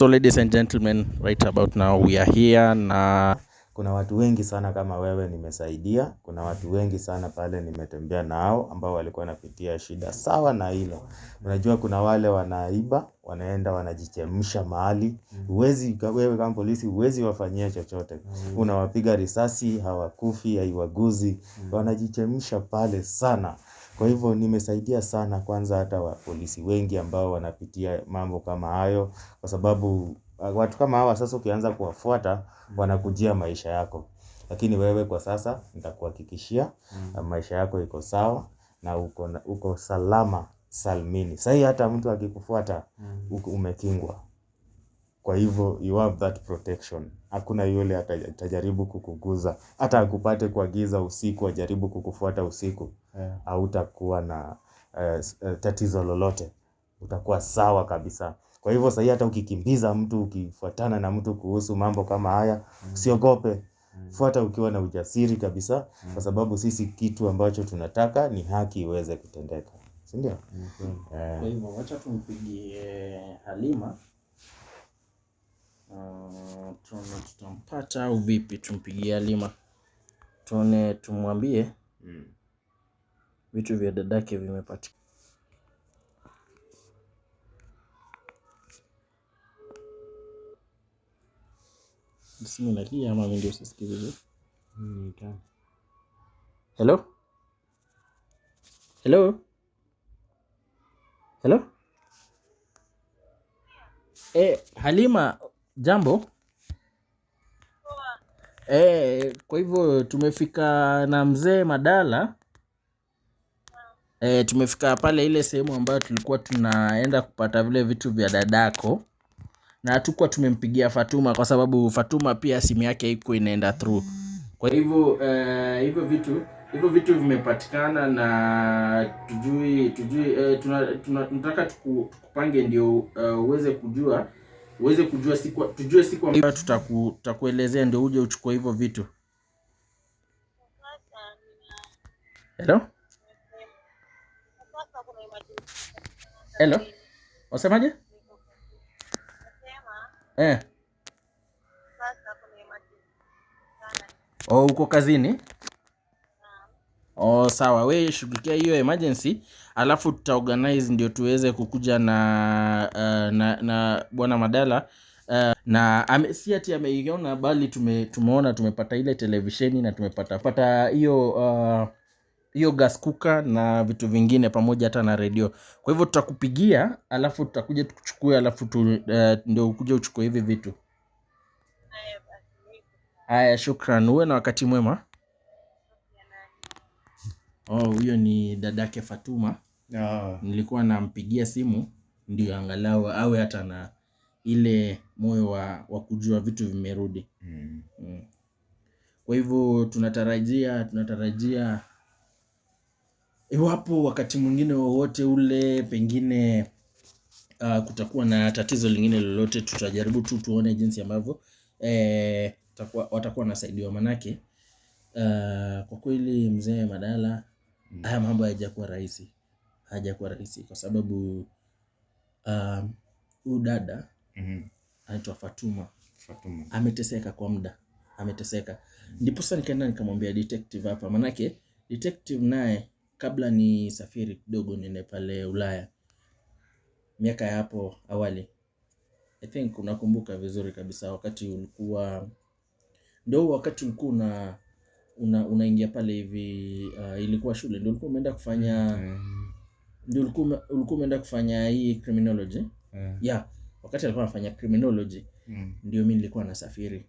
So ladies and gentlemen, right about now we are here na kuna watu wengi sana kama wewe nimesaidia. Kuna watu wengi sana pale nimetembea nao ambao walikuwa wanapitia shida sawa na hilo. Unajua kuna wale wanaiba, wanaenda wanajichemsha mahali. Uwezi wewe kama polisi huwezi wafanyia chochote. Unawapiga risasi, hawakufi, haiwaguzi. Mm. Wanajichemsha pale sana. Kwa hivyo nimesaidia sana kwanza hata polisi wengi ambao wanapitia mambo kama hayo kwa sababu ah, watu kama hawa sasa ukianza kuwafuata mm. wanakujia maisha yako. Lakini wewe kwa sasa nitakuhakikishia mm. ah, maisha yako iko sawa na uko salama salmini. sahii hata mtu akikufuata mm. umekingwa. Kwa hivyo you have that protection. Hakuna yule atajaribu kukuguza. Hata akupate kwa giza usiku, ajaribu kukufuata usiku. Hautakuwa na eh, eh, tatizo lolote. Utakuwa sawa kabisa. Kwa hivyo sahii hata ukikimbiza mtu, ukifuatana na mtu kuhusu mambo kama haya, mm. usiogope. Mm. Fuata ukiwa na ujasiri kabisa mm. kwa sababu sisi kitu ambacho tunataka ni haki iweze kutendeka. Si ndio? Eh. Kwa hivyo wacha tumpigie Halima. Uh, tuone tutampata au vipi? Tumpigie Halima tuone, tumwambie mm. vitu vya dadake vimepatikana. Simu inalia ama ndio usisikii vizuri? Hello? Hello? Hello? Eh, Halima Jambo. Eh, kwa hivyo tumefika na mzee Madala. Eh, tumefika pale ile sehemu ambayo tulikuwa tunaenda kupata vile vitu vya dadako, na hatukuwa tumempigia Fatuma kwa sababu Fatuma pia simu yake iko inaenda through. Kwa hivyo eh, hivyo vitu hivyo vitu vimepatikana na tujui tujui, eh, tunataka tuku, tukupange ndio uh, uweze kujua uweze kujua siku, tujue siku ambayo tutakuelezea ndio uje uchukue hivyo vitu. Hello? Hello? Wasemaje? Eh. Oh, uko kazini? Oh, sawa, we shughulikia hiyo emergency, alafu tuta organize ndio tuweze kukuja na uh, na, na bwana Madala uh, na ame, si ati ameiona bali tume, tumeona tumepata ile televisheni na tumepata pata hiyo uh, gas cooker na vitu vingine pamoja hata na redio. Kwa hivyo tutakupigia, alafu tutakuja tukuchukue, alafu tu, uh, ndio ukuje uchukue hivi vitu. Haya, shukran, uwe na wakati mwema. Oh, huyo ni dadake Fatuma. Ah. Nilikuwa nampigia simu ndio angalau awe hata na ile moyo wa, wa kujua vitu vimerudi. Mm. Mm. Kwa hivyo tunatarajia tunatarajia iwapo wakati mwingine wowote ule pengine uh, kutakuwa na tatizo lingine lolote, tutajaribu tu tuone jinsi ambavyo eh, watakuwa wanasaidiwa manake, uh, kwa kweli mzee Madala Mm. haya mambo hayajakuwa rahisi, hayajakuwa rahisi kwa sababu um, huyu um, dada mm -hmm. anaitwa Fatuma, Fatuma. ameteseka kwa muda ameteseka mm -hmm. Ndipo sasa nikaenda nikamwambia detective hapa, manake detective naye kabla ni safiri kidogo niende pale Ulaya miaka ya hapo awali, I think unakumbuka vizuri kabisa, wakati ulikuwa ndo wakati ulikuwa na unaingia una pale hivi uh, ilikuwa shule ndio ulikuwa umeenda kufanya mm. ndio ulikuwa umeenda kufanya hii criminology yeah. Mm. yeah wakati alikuwa anafanya criminology mm. ndio mi nilikuwa nasafiri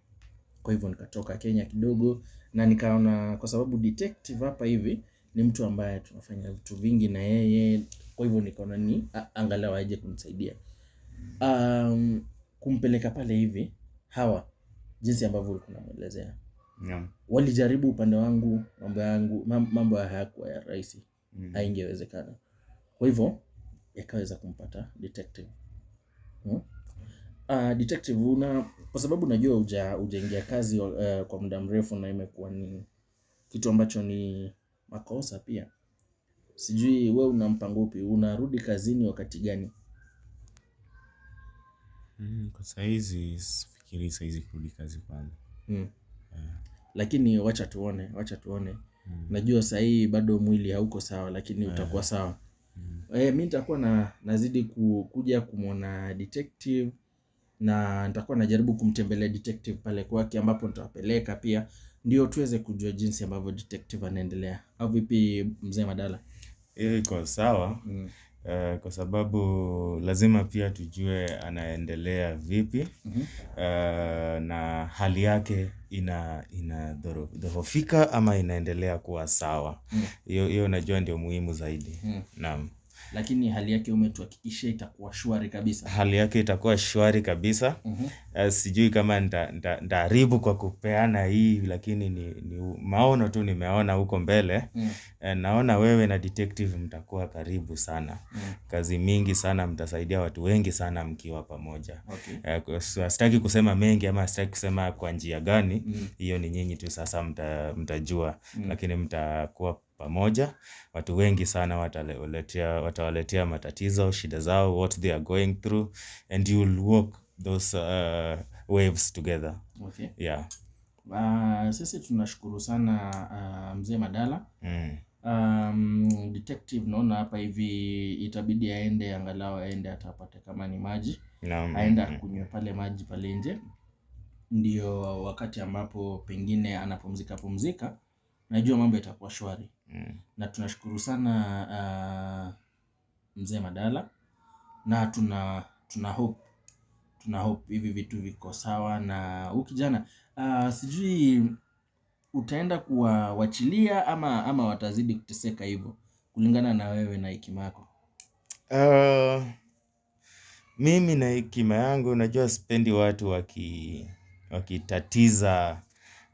kwa hivyo nikatoka Kenya kidogo na nikaona kwa sababu detective hapa hivi ni mtu ambaye tunafanya vitu vingi na yeye kwa hivyo nikaona ni angalau aje kumsaidia um, kumpeleka pale hivi hawa jinsi ambavyo ulikuwa namwelezea yeah. Walijaribu upande wangu mambo yangu, mambo hayakuwa ya rahisi mm. Haingewezekana. Kwa hivyo yakaweza kumpata detective hmm? Uh, detective una, kwa sababu najua uja ujaingia kazi uh, kwa muda mrefu na imekuwa ni kitu ambacho ni makosa pia. Sijui we una mpango upi, unarudi kazini wakati gani? Mm, kwa saizi sifikiri saizi kurudi kazi kwanza mm. yeah lakini wacha tuone, wacha tuone. Mm. Najua sahihi bado mwili hauko sawa, lakini yeah. utakuwa sawa. Mm. E, mi nitakuwa na nazidi kuja kumwona detective na nitakuwa najaribu kumtembelea detective pale kwake, ambapo nitawapeleka pia, ndio tuweze kujua jinsi ambavyo detective anaendelea, au vipi mzee Madala? Iko sawa. Mm. Eh, kwa sababu lazima pia tujue anaendelea vipi mhm. eh, na hali yake inadhoofika ama inaendelea kuwa sawa. Mhm. hiyo najua ndio muhimu zaidi. Mhm. Naam lakini hali yake umetuhakikishia itakuwa shwari kabisa. Hali yake itakuwa shwari kabisa. mm -hmm. Uh, sijui kama nitaharibu kwa kupeana hii, lakini ni, ni maono tu nimeona huko mbele. mm -hmm. naona wewe na detective mtakuwa karibu sana. mm -hmm. Kazi mingi sana mtasaidia watu wengi sana mkiwa pamoja. okay. Uh, sitaki kusema mengi ama sitaki kusema kwa njia gani mm. hiyo. mm -hmm. Ni nyinyi tu sasa mtajua. mm -hmm. Lakini mtakuwa pamoja. Watu wengi sana watawaletea matatizo, shida zao, what they are going through and you will walk those uh, waves together. Okay. Yeah. Uh, sisi tunashukuru sana uh, Mzee Madala. Mm. Um, detective naona hapa hivi itabidi aende angalau aende atapate kama ni maji no, aende akunywe pale maji pale nje, ndio wakati ambapo pengine anapumzika pumzika, najua mambo yatakuwa shwari. Mm. Na tunashukuru sana uh, mzee Madala na tuna tuna hope tuna hope hivi vitu viko sawa, na ukijana kijana uh, sijui utaenda kuwawachilia ama ama watazidi kuteseka hivyo, kulingana na wewe na hekima yako. Uh, mimi na hekima yangu najua spendi watu waki wakitatiza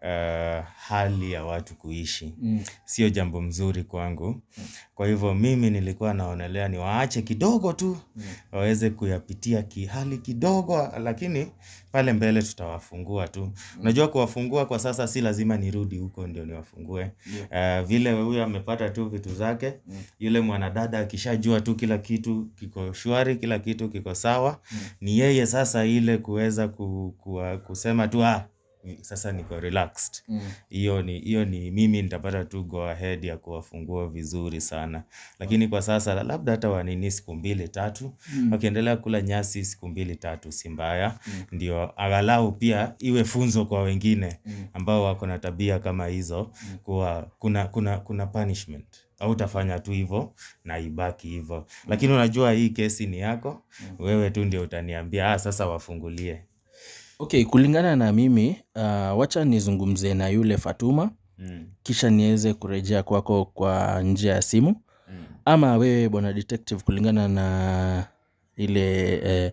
Eh, hali ya watu kuishi mm. Sio jambo mzuri kwangu. Kwa hivyo mimi nilikuwa naonelea ni waache kidogo tu mm. waweze kuyapitia kihali kidogo, lakini pale mbele tutawafungua tu. Mm. Unajua kuwafungua kwa sasa si lazima nirudi huko ndio niwafungue yeah. Uh, vile huyo amepata tu vitu zake mm. Yule mwanadada akishajua tu kila kitu kiko shwari, kila kitu kiko sawa mm. Ni yeye sasa ile kuweza ku, ku, kusema tu ah sasa niko relaxed. Hiyo mm. ni hiyo ni mimi nitapata tu go ahead ya kuwafungua vizuri sana. Lakini kwa sasa labda hata wanini siku mbili tatu, mm. wakiendelea kula nyasi siku mbili tatu si mbaya. Mm. Ndio angalau pia iwe funzo kwa wengine ambao wako na tabia kama hizo kuwa kuna kuna kuna punishment. utafanya tu hivo na ibaki hivo. Lakini unajua hii kesi ni yako, wewe tu ndio utaniambia, ah sasa wafungulie. Okay, kulingana na mimi uh, wacha nizungumze na yule Fatuma mm. kisha niweze kurejea kwako kwa njia ya simu mm. ama wewe bwana detective, kulingana na ile eh,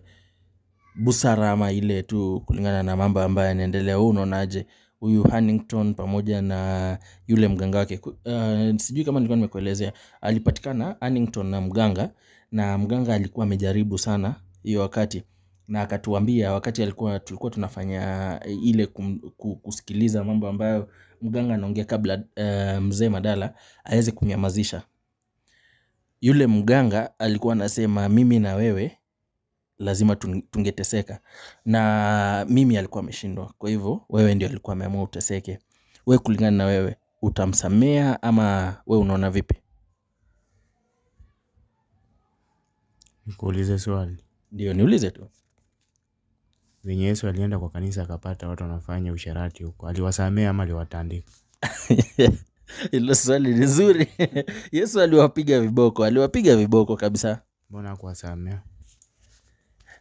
busara ama ile tu kulingana na mambo ambayo yanaendelea, huu unaonaje huyu Huntington pamoja na yule mganga wake? Uh, sijui kama nilikuwa nimekuelezea, alipatikana Huntington na mganga, na mganga alikuwa amejaribu sana hiyo wakati na akatuambia wakati alikuwa tulikuwa tunafanya e, ile kum, kusikiliza mambo ambayo mganga anaongea kabla uh, mzee Madala aweze kunyamazisha Yule mganga alikuwa anasema mimi na wewe lazima tungeteseka, na mimi alikuwa ameshindwa, kwa hivyo wewe ndio alikuwa ameamua uteseke. We kulingana na wewe utamsamea ama we unaona vipi? Nikuulize swali? Ndio, niulize tu venye Yesu alienda kwa kanisa akapata watu wanafanya usharati huko. Aliwasamea ama aliwatandika? Hilo swali ni zuri. Yesu aliwapiga viboko, aliwapiga viboko kabisa. Mbona hakuwasamea?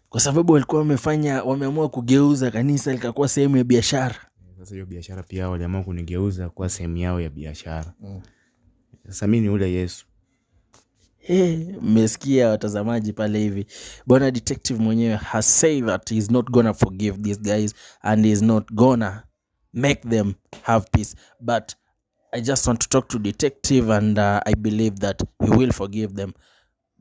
Kwa sababu walikuwa wamefanya, wameamua kugeuza kanisa likakuwa sehemu ya biashara. Sasa hiyo biashara pia waliamua kunigeuza kuwa sehemu yao ya biashara. Mm. Sasa mi ni ule Yesu. Mmesikia watazamaji pale hivi bwana detective mwenyewe has said that he's not gonna forgive these guys and he's not gonna make them have peace but I just want to talk to detective and uh, I believe that he will forgive them.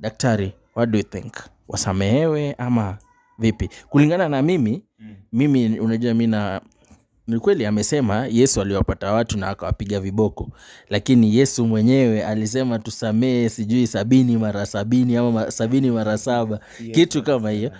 Daktari, what do you think? Wasamehewe ama vipi? Kulingana na mimi mm. Mimi unajua mi na ni kweli amesema Yesu aliwapata watu na akawapiga viboko, lakini Yesu mwenyewe alisema tusamehe sijui sabini mara sabini ama sabini mara saba kitu kama hiyo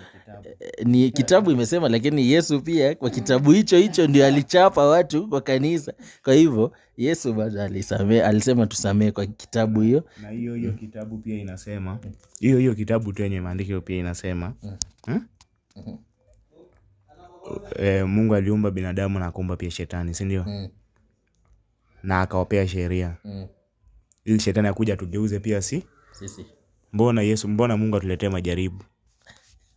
eh, eh, ni kitabu imesema, lakini Yesu pia kwa kitabu hicho hicho ndio alichapa watu kwa kanisa. Kwa hivyo Yesu bado alisamee, alisema tusamee kwa kitabu hiyo na hiyo hiyo kitabu pia inasema hiyo hiyo kitabu tu yenye maandiko pia inasema mm. Hmm? Mm-hmm e, Mungu aliumba binadamu na akaumba pia shetani, si ndio? Mm. Na akawapea sheria mm. ili shetani akuja atugeuze pia si sisi. Mbona Yesu, mbona Mungu atuletee majaribu?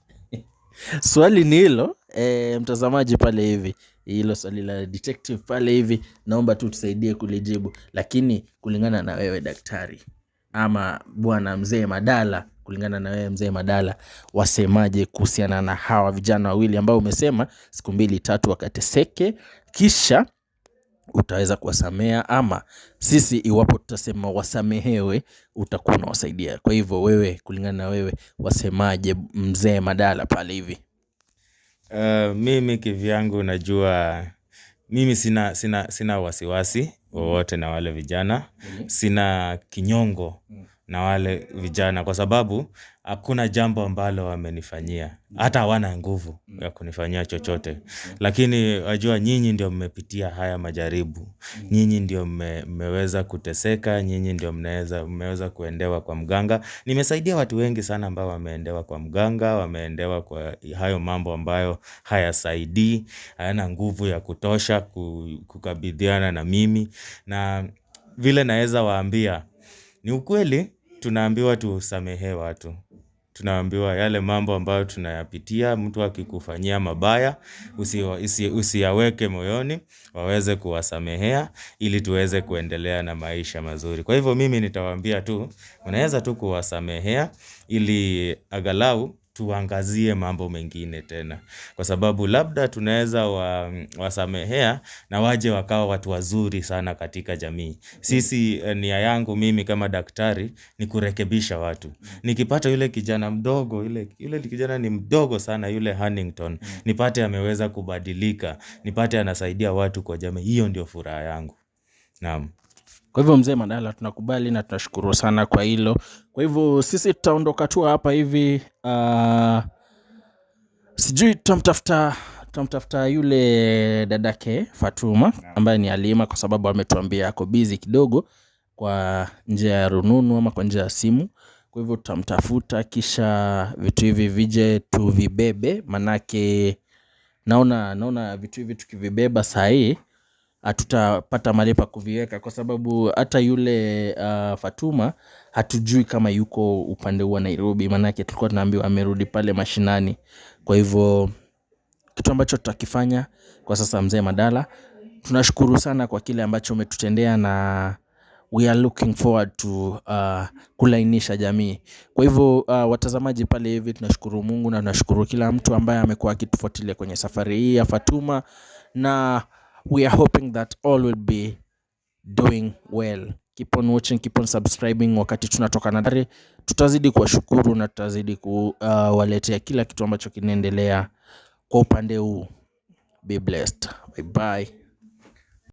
Swali ni hilo e, mtazamaji pale hivi, hilo swali la detective pale hivi, naomba tu tusaidie kulijibu, lakini kulingana na wewe daktari ama bwana mzee Madala kulingana na wewe mzee Madala, wasemaje kuhusiana na hawa vijana wawili ambao umesema siku mbili tatu wakateseke, kisha utaweza kuwasamea ama sisi, iwapo tutasema wasamehewe, utakuwa unawasaidia. Kwa hivyo wewe, kulingana na wewe, wasemaje mzee Madala pale hivi? Uh, mimi kivyangu najua mimi sina, sina, sina wasiwasi wowote na wale vijana, mhm. sina kinyongo mm na wale vijana kwa sababu hakuna jambo ambalo wamenifanyia. Hata hawana nguvu ya kunifanyia chochote. Lakini wajua nyinyi ndio mmepitia haya majaribu. Nyinyi ndio mmeweza kuteseka, nyinyi ndio mmeweza kuendewa kwa mganga. Nimesaidia watu wengi sana ambao wameendewa kwa mganga, wameendewa kwa hayo mambo ambayo hayasaidii, hayana nguvu ya kutosha kukabidhiana na mimi. Na vile naweza waambia ni ukweli tunaambiwa tusamehe watu. Tunaambiwa yale mambo ambayo tunayapitia, mtu akikufanyia mabaya, usiyaweke moyoni, waweze kuwasamehea, ili tuweze kuendelea na maisha mazuri. Kwa hivyo mimi nitawaambia tu, unaweza tu kuwasamehea, ili angalau tuangazie mambo mengine tena kwa sababu labda wa, wasamehea na waje wakawa watu wazuri sana katika jamii sisi eh, nia yangu mimi kama daktari ni kurekebisha watu nikipata yule kijana mdogo yule kijana ni mdogo sana yule Huntington nipate ameweza kubadilika nipate anasaidia watu kwa jamii hiyo ndio furaha yangu naam. Kwa hivyo mzee Mandala, tunakubali na tunashukuru sana kwa hilo. Kwa hivyo sisi tutaondoka tu hapa hivi uh, sijui tutamtafuta tutamtafuta yule dadake Fatuma ambaye ni Alima, kwa sababu ametuambia ako busy kidogo kwa njia ya rununu ama kwa njia ya simu. Kwa hivyo tutamtafuta, kisha vitu hivi vije tuvibebe, manake naona naona vitu hivi tukivibeba saa hii hatutapata mali pa kuviweka kwa sababu hata yule uh, Fatuma hatujui kama yuko upande wa Nairobi, maanake tulikuwa tunaambiwa amerudi pale mashinani. Kwa hivyo kitu ambacho tutakifanya kwa sasa, mzee Madala, tunashukuru sana kwa kile ambacho umetutendea na we are looking forward to uh, kulainisha jamii. Kwa hivyo uh, watazamaji pale hivi, tunashukuru Mungu na tunashukuru kila mtu ambaye amekuwa akitufuatilia kwenye safari hii ya Fatuma na we are hoping that all will be doing well. Keep on watching, keep on subscribing. Wakati tunatoka nadari, tutazidi kuwashukuru na tutazidi kuwaletea uh, kila kitu ambacho kinaendelea kwa upande huu. Be blessed. Bye bye.